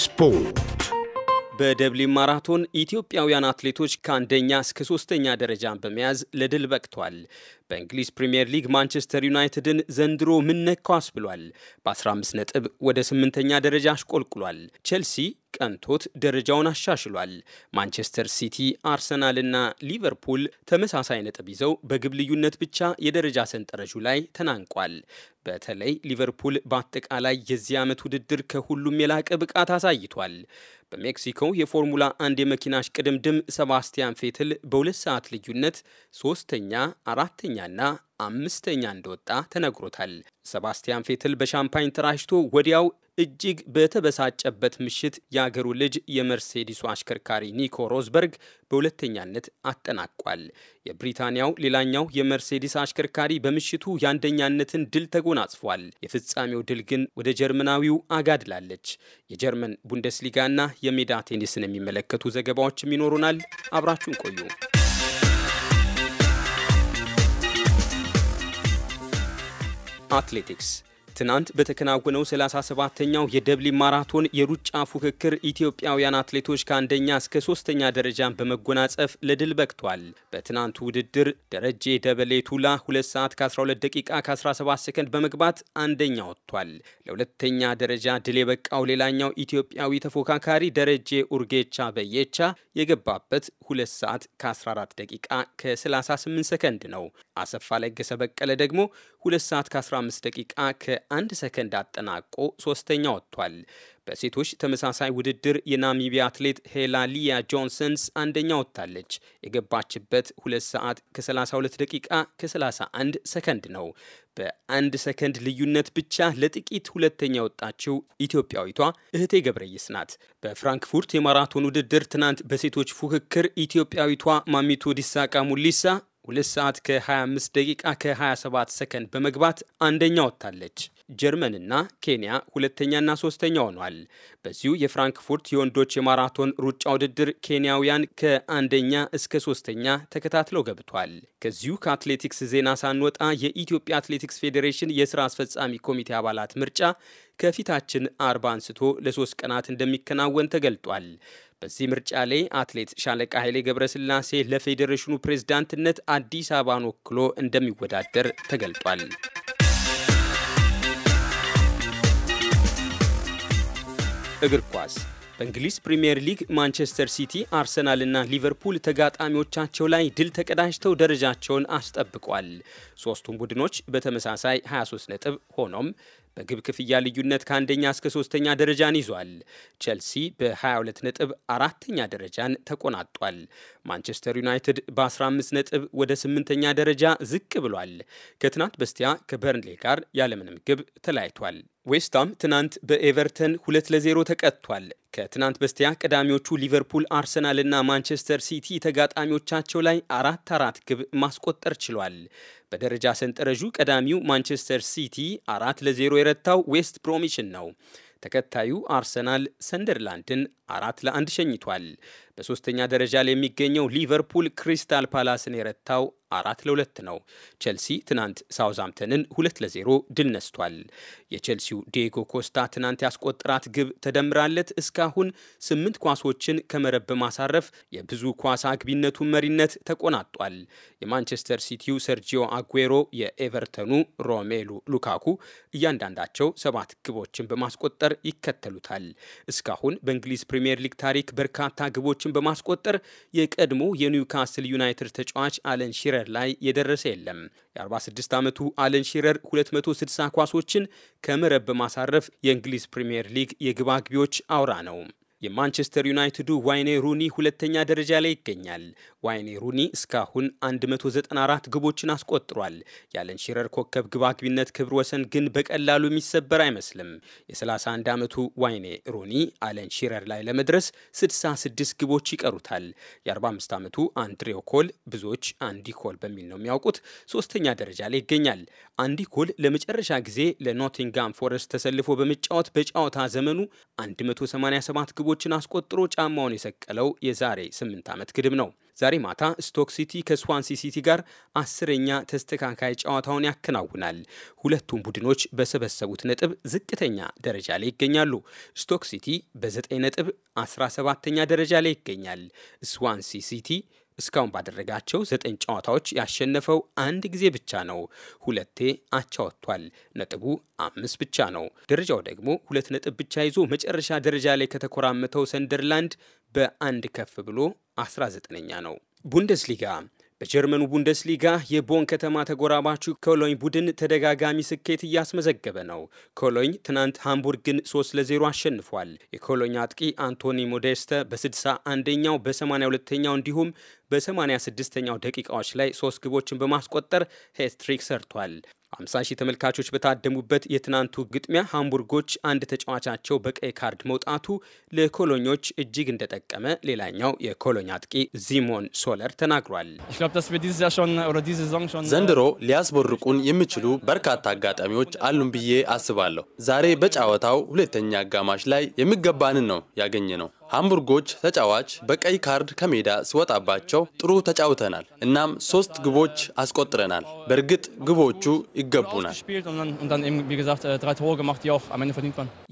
ስፖርት በደብሊን ማራቶን ኢትዮጵያውያን አትሌቶች ከአንደኛ እስከ ሶስተኛ ደረጃን በመያዝ ለድል በቅቷል። በእንግሊዝ ፕሪምየር ሊግ ማንቸስተር ዩናይትድን ዘንድሮ ምን ነካው አስብሏል። በ15 ነጥብ ወደ ስምንተኛ ደረጃ አሽቆልቁሏል። ቼልሲ ቀንቶት ደረጃውን አሻሽሏል። ማንቸስተር ሲቲ፣ እና ሊቨርፑል ተመሳሳይ ነጥብ ይዘው በግብ ልዩነት ብቻ የደረጃ ሰንጠረዡ ላይ ተናንቋል። በተለይ ሊቨርፑል በአጠቃላይ የዚህ ዓመት ውድድር ከሁሉም የላቀ ብቃት አሳይቷል። በሜክሲኮ የፎርሙላ አንድ የመኪና ድም ሰባስቲያን ፌትል በሁለት ሰዓት ልዩነት ሶስተኛ፣ አራተኛና አምስተኛ እንደወጣ ተነግሮታል። ሰባስቲያን ፌትል በሻምፓኝ ተራጭቶ ወዲያው እጅግ በተበሳጨበት ምሽት የአገሩ ልጅ የመርሴዲሱ አሽከርካሪ ኒኮ ሮዝበርግ በሁለተኛነት አጠናቋል። የብሪታንያው ሌላኛው የመርሴዲስ አሽከርካሪ በምሽቱ የአንደኛነትን ድል ተጎናጽፏል። የፍጻሜው ድል ግን ወደ ጀርመናዊው አጋድላለች። የጀርመን ቡንደስሊጋና የሜዳ ቴኒስን የሚመለከቱ ዘገባዎችም ይኖሩናል። አብራችሁን ቆዩ። አትሌቲክስ ትናንት በተከናወነው 37ኛው የደብሊ ማራቶን የሩጫ ፉክክር ኢትዮጵያውያን አትሌቶች ከአንደኛ እስከ ሶስተኛ ደረጃን በመጎናጸፍ ለድል በቅቷል። በትናንቱ ውድድር ደረጀ ደበሌ ቱላ 2 ሰዓት ከ12 ደቂቃ ከ17 ሰከንድ በመግባት አንደኛ ወጥቷል። ለሁለተኛ ደረጃ ድል የበቃው ሌላኛው ኢትዮጵያዊ ተፎካካሪ ደረጀ ኡርጌቻ በየቻ የገባበት 2 ሰዓት ከ14 ደቂቃ ከ38 ሰከንድ ነው። አሰፋ ለገሰ በቀለ ደግሞ 2 ሰዓት ከ15 ደቂቃ ከአንድ ሰከንድ አጠናቆ ሶስተኛ ወጥቷል። በሴቶች ተመሳሳይ ውድድር የናሚቢያ አትሌት ሄላሊያ ጆንሰንስ አንደኛ ወጥታለች። የገባችበት 2 ሰዓት ከ32 ደቂቃ ከ31 ሰከንድ ነው። በአንድ ሰከንድ ልዩነት ብቻ ለጥቂት ሁለተኛ የወጣችው ኢትዮጵያዊቷ እህቴ ገብረይስ ናት። በፍራንክፉርት የማራቶን ውድድር ትናንት በሴቶች ፉክክር ኢትዮጵያዊቷ ማሚቱ ዲሳቃ ሙሊሳ ሁለት ሰዓት ከ25 ደቂቃ ከ27 ሰከንድ በመግባት አንደኛ ወጥታለች። ጀርመንና ኬንያ ሁለተኛና ሶስተኛ ሆኗል። በዚሁ የፍራንክፉርት የወንዶች የማራቶን ሩጫ ውድድር ኬንያውያን ከአንደኛ እስከ ሶስተኛ ተከታትለው ገብቷል። ከዚሁ ከአትሌቲክስ ዜና ሳንወጣ የኢትዮጵያ አትሌቲክስ ፌዴሬሽን የስራ አስፈጻሚ ኮሚቴ አባላት ምርጫ ከፊታችን አርባ አንስቶ ለሶስት ቀናት እንደሚከናወን ተገልጧል። በዚህ ምርጫ ላይ አትሌት ሻለቃ ኃይሌ ገብረስላሴ ለፌዴሬሽኑ ፕሬዝዳንትነት አዲስ አበባን ወክሎ እንደሚወዳደር ተገልጧል። እግር ኳስ በእንግሊዝ ፕሪምየር ሊግ ማንቸስተር ሲቲ፣ አርሰናል እና ሊቨርፑል ተጋጣሚዎቻቸው ላይ ድል ተቀዳጅተው ደረጃቸውን አስጠብቋል። ሶስቱም ቡድኖች በተመሳሳይ 23 ነጥብ ሆኖም በግብ ክፍያ ልዩነት ከአንደኛ እስከ ሶስተኛ ደረጃን ይዟል። ቸልሲ በ22 ነጥብ አራተኛ ደረጃን ተቆናጧል። ማንቸስተር ዩናይትድ በ15 ነጥብ ወደ ስምንተኛ ደረጃ ዝቅ ብሏል። ከትናንት በስቲያ ከበርንሌ ጋር ያለምንም ግብ ተለያይቷል። ዌስትሃም ትናንት በኤቨርተን ሁለት ለዜሮ ተቀጥቷል። ከትናንት በስቲያ ቀዳሚዎቹ ሊቨርፑል፣ አርሰናል እና ማንቸስተር ሲቲ ተጋጣሚዎቻቸው ላይ አራት አራት ግብ ማስቆጠር ችሏል። በደረጃ ሰንጠረዡ ቀዳሚው ማንቸስተር ሲቲ አራት ለዜሮ የረታው ዌስት ብሮሚችን ነው። ተከታዩ አርሰናል ሰንደርላንድን አራት ለአንድ ሸኝቷል። በሶስተኛ ደረጃ ላይ የሚገኘው ሊቨርፑል ክሪስታል ፓላስን የረታው አራት ለሁለት ነው። ቸልሲ ትናንት ሳውዝሃምፕተንን ሁለት ለዜሮ ድል ነስቷል። የቸልሲው ዲዬጎ ኮስታ ትናንት ያስቆጠራት ግብ ተደምራለት እስካሁን ስምንት ኳሶችን ከመረብ በማሳረፍ የብዙ ኳስ አግቢነቱን መሪነት ተቆናጧል። የማንቸስተር ሲቲው ሰርጂዮ አጉዌሮ፣ የኤቨርተኑ ሮሜሉ ሉካኩ እያንዳንዳቸው ሰባት ግቦችን በማስቆጠር ይከተሉታል። እስካሁን በእንግሊዝ ፕሪምየር ሊግ ታሪክ በርካታ ግቦች ግቦችን በማስቆጠር የቀድሞ የኒውካስል ዩናይትድ ተጫዋች አለን ሺረር ላይ የደረሰ የለም። የ46 ዓመቱ አለን ሺረር 260 ኳሶችን ከመረብ በማሳረፍ የእንግሊዝ ፕሪምየር ሊግ የግባግቢዎች አውራ ነው። የማንቸስተር ዩናይትዱ ዋይኔ ሩኒ ሁለተኛ ደረጃ ላይ ይገኛል። ዋይኔ ሩኒ እስካሁን 194 ግቦችን አስቆጥሯል። ያለን ሽረር ኮከብ ግብ አግቢነት ወሰን ግን በቀላሉ የሚሰበር አይመስልም። የ31 ዓመቱ ዋይኔ ሩኒ አለን ሽረር ላይ ለመድረስ 66 ግቦች ይቀሩታል። የ45 ዓመቱ አንድሬው ኮል ብዙዎች አንዲ ኮል በሚል ነው የሚያውቁት፣ ሶስተኛ ደረጃ ላይ ይገኛል። አንዲ ኮል ለመጨረሻ ጊዜ ለኖቲንጋም ፎረስት ተሰልፎ በመጫወት በጨዋታ ዘመኑ 187 ግቦ ግቦችን አስቆጥሮ ጫማውን የሰቀለው የዛሬ ስምንት ዓመት ግድም ነው። ዛሬ ማታ ስቶክ ሲቲ ከስዋንሲ ሲቲ ጋር አስረኛ ተስተካካይ ጨዋታውን ያከናውናል። ሁለቱም ቡድኖች በሰበሰቡት ነጥብ ዝቅተኛ ደረጃ ላይ ይገኛሉ። ስቶክ ሲቲ በ9 ነጥብ 17ኛ ደረጃ ላይ ይገኛል። ስዋንሲ ሲቲ እስካሁን ባደረጋቸው ዘጠኝ ጨዋታዎች ያሸነፈው አንድ ጊዜ ብቻ ነው። ሁለቴ አቻ ወጥቷል። ነጥቡ አምስት ብቻ ነው። ደረጃው ደግሞ ሁለት ነጥብ ብቻ ይዞ መጨረሻ ደረጃ ላይ ከተኮራመተው ሰንደርላንድ በአንድ ከፍ ብሎ 19ኛ ነው። ቡንደስሊጋ በጀርመኑ ቡንደስሊጋ የቦን ከተማ ተጎራባቹ ኮሎኝ ቡድን ተደጋጋሚ ስኬት እያስመዘገበ ነው። ኮሎኝ ትናንት ሃምቡርግን 3 ለዜሮ አሸንፏል። የኮሎኝ አጥቂ አንቶኒ ሞዴስተ በ61ኛው በ82ኛው እንዲሁም በ86ኛው ደቂቃዎች ላይ ሶስት ግቦችን በማስቆጠር ሄትሪክ ሰርቷል። 50 ሺህ ተመልካቾች በታደሙበት የትናንቱ ግጥሚያ ሃምቡርጎች አንድ ተጫዋቻቸው በቀይ ካርድ መውጣቱ ለኮሎኞች እጅግ እንደጠቀመ ሌላኛው የኮሎኝ አጥቂ ዚሞን ሶለር ተናግሯል። ዘንድሮ ሊያስቦርቁን የሚችሉ በርካታ አጋጣሚዎች አሉን ብዬ አስባለሁ። ዛሬ በጨዋታው ሁለተኛ አጋማሽ ላይ የሚገባንን ነው ያገኘ ነው። ሃምቡርጎች ተጫዋች በቀይ ካርድ ከሜዳ ሲወጣባቸው ጥሩ ተጫውተናል። እናም ሶስት ግቦች አስቆጥረናል። በእርግጥ ግቦቹ ይገቡናል።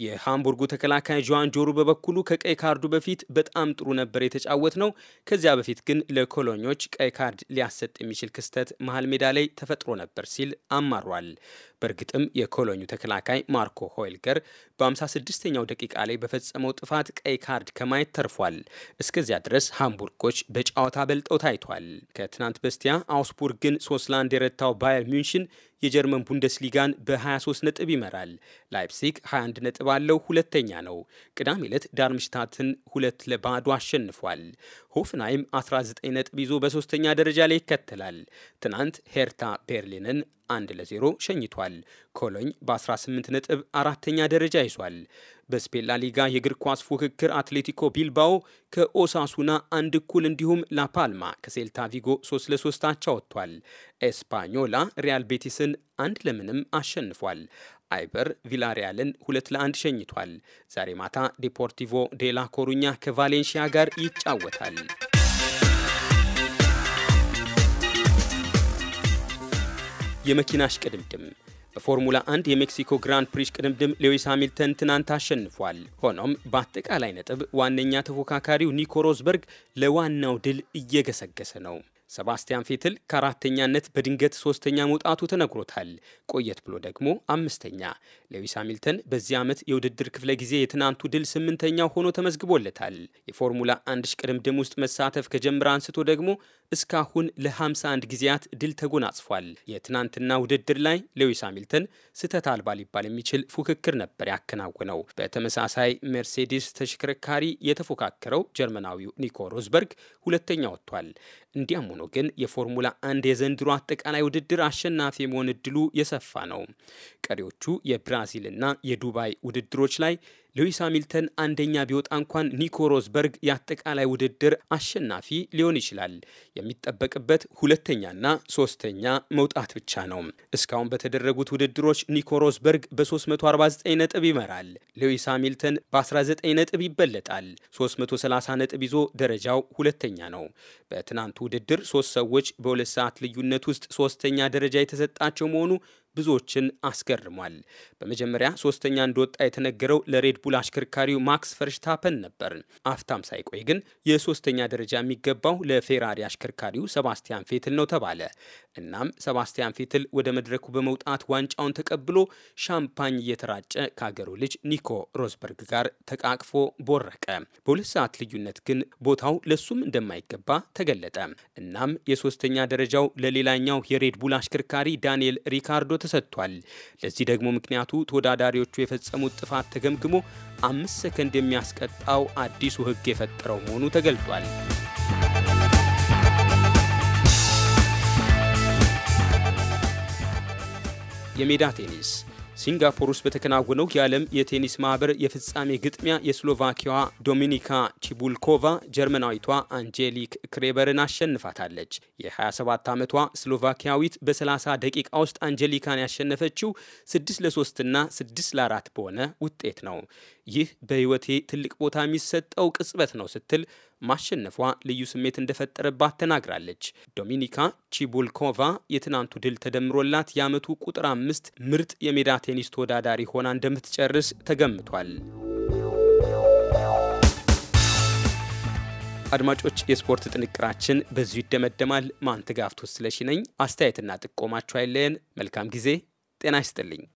የሃምቡርጉ ተከላካይ ጆዋን ጆሩ በበኩሉ ከቀይ ካርዱ በፊት በጣም ጥሩ ነበር የተጫወት ነው። ከዚያ በፊት ግን ለኮሎኞች ቀይ ካርድ ሊያሰጥ የሚችል ክስተት መሀል ሜዳ ላይ ተፈጥሮ ነበር ሲል አማሯል። በእርግጥም የኮሎኙ ተከላካይ ማርኮ ሆይልገር በ56ኛው ደቂቃ ላይ በፈጸመው ጥፋት ቀይ ካርድ ከማየት ተርፏል። እስከዚያ ድረስ ሃምቡርጎች በጨዋታ በልጠው ታይቷል። ከትናንት በስቲያ አውስቡርግን ሶስት ለአንድ የረታው ባየር ሚንሽን የጀርመን ቡንደስሊጋን በ23 ነጥብ ይመራል። ላይፕሲግ 21 ነጥብ አለው፣ ሁለተኛ ነው። ቅዳሜ ዕለት ዳርምሽታትን ሁለት ለባዶ አሸንፏል። ሆፍንሃይም 19 ነጥብ ይዞ በሶስተኛ ደረጃ ላይ ይከተላል። ትናንት ሄርታ ቤርሊንን አንድ ለዜሮ ሸኝቷል። ኮሎኝ በ18 ነጥብ አራተኛ ደረጃ ይዟል። በስፔን ላሊጋ የእግር ኳስ ፉክክር አትሌቲኮ ቢልባኦ ከኦሳሱና አንድ እኩል እንዲሁም ላፓልማ ከሴልታ ቪጎ 3 ለ3 አቻ ወጥቷል። ኤስፓኞላ ሪያል ቤቲስን አንድ ለምንም አሸንፏል። አይበር ቪላሪያልን ሁለት ለአንድ ሸኝቷል። ዛሬ ማታ ዴፖርቲቮ ዴላ ኮሩኛ ከቫሌንሺያ ጋር ይጫወታል። የመኪና እሽቅድምድም በፎርሙላ 1 የሜክሲኮ ግራንድ ፕሪሽ ቅድምድም ሌዊስ ሃሚልተን ትናንት አሸንፏል። ሆኖም በአጠቃላይ ነጥብ ዋነኛ ተፎካካሪው ኒኮ ሮዝበርግ ለዋናው ድል እየገሰገሰ ነው። ሰባስቲያን ፌትል ከአራተኛነት በድንገት ሶስተኛ መውጣቱ ተነግሮታል። ቆየት ብሎ ደግሞ አምስተኛ። ሌዊስ ሃሚልተን በዚህ ዓመት የውድድር ክፍለ ጊዜ የትናንቱ ድል ስምንተኛ ሆኖ ተመዝግቦለታል። የፎርሙላ አንድ ሽቅድምድም ውስጥ መሳተፍ ከጀምረ አንስቶ ደግሞ እስካሁን ለ51 ጊዜያት ድል ተጎናጽፏል። የትናንትና ውድድር ላይ ሌዊስ ሃሚልተን ስህተት አልባ ሊባል የሚችል ፉክክር ነበር ያከናወነው። በተመሳሳይ ሜርሴዲስ ተሽከርካሪ የተፎካከረው ጀርመናዊው ኒኮ ሮዝበርግ ሁለተኛ ወጥቷል። እንዲያም ሆኖ ግን የፎርሙላ አንድ የዘንድሮ አጠቃላይ ውድድር አሸናፊ የመሆን እድሉ የሰፋ ነው። ቀሪዎቹ የብራዚልና የዱባይ ውድድሮች ላይ ሉዊስ ሃሚልተን አንደኛ ቢወጣ እንኳን ኒኮ ሮዝበርግ የአጠቃላይ ውድድር አሸናፊ ሊሆን ይችላል። የሚጠበቅበት ሁለተኛና ሶስተኛ መውጣት ብቻ ነው። እስካሁን በተደረጉት ውድድሮች ኒኮ ሮዝበርግ በ349 ነጥብ ይመራል። ሉዊስ ሃሚልተን በ19 ነጥብ ይበለጣል። 330 ነጥብ ይዞ ደረጃው ሁለተኛ ነው። በትናንቱ ውድድር ሶስት ሰዎች በሁለት ሰዓት ልዩነት ውስጥ ሶስተኛ ደረጃ የተሰጣቸው መሆኑ ብዙዎችን አስገርሟል። በመጀመሪያ ሶስተኛ እንደወጣ የተነገረው ለሬድቡል አሽከርካሪው ማክስ ፈርሽታፐን ነበር። አፍታም ሳይቆይ ግን የሶስተኛ ደረጃ የሚገባው ለፌራሪ አሽከርካሪው ሰባስቲያን ፌትል ነው ተባለ። እናም ሰባስቲያን ፌትል ወደ መድረኩ በመውጣት ዋንጫውን ተቀብሎ ሻምፓኝ እየተራጨ ከአገሩ ልጅ ኒኮ ሮዝበርግ ጋር ተቃቅፎ ቦረቀ። በሁለት ሰዓት ልዩነት ግን ቦታው ለሱም እንደማይገባ ተገለጠ። እናም የሶስተኛ ደረጃው ለሌላኛው የሬድቡል አሽከርካሪ ዳንኤል ሪካርዶ ተሰጥቷል። ለዚህ ደግሞ ምክንያቱ ተወዳዳሪዎቹ የፈጸሙት ጥፋት ተገምግሞ አምስት ሰከንድ የሚያስቀጣው አዲሱ ሕግ የፈጠረው መሆኑ ተገልጧል። የሜዳ ቴኒስ ሲንጋፖር ውስጥ በተከናወነው የዓለም የቴኒስ ማህበር የፍጻሜ ግጥሚያ የስሎቫኪያዋ ዶሚኒካ ቺቡልኮቫ ጀርመናዊቷ አንጄሊክ ክሬበርን አሸንፋታለች። የ27 ዓመቷ ስሎቫኪያዊት በ30 ደቂቃ ውስጥ አንጄሊካን ያሸነፈችው 6 ለ3 እና 6 ለ4 በሆነ ውጤት ነው። ይህ በሕይወቴ ትልቅ ቦታ የሚሰጠው ቅጽበት ነው ስትል ማሸነፏ ልዩ ስሜት እንደፈጠረባት ተናግራለች። ዶሚኒካ ቺቡልኮቫ የትናንቱ ድል ተደምሮላት የዓመቱ ቁጥር አምስት ምርጥ የሜዳ ቴኒስ ተወዳዳሪ ሆና እንደምትጨርስ ተገምቷል። አድማጮች፣ የስፖርት ጥንቅራችን በዚሁ ይደመደማል። ማንተጋፍቶ ስለሺ ነኝ። አስተያየትና ጥቆማችሁ አይለየን። መልካም ጊዜ። ጤና ይስጥልኝ።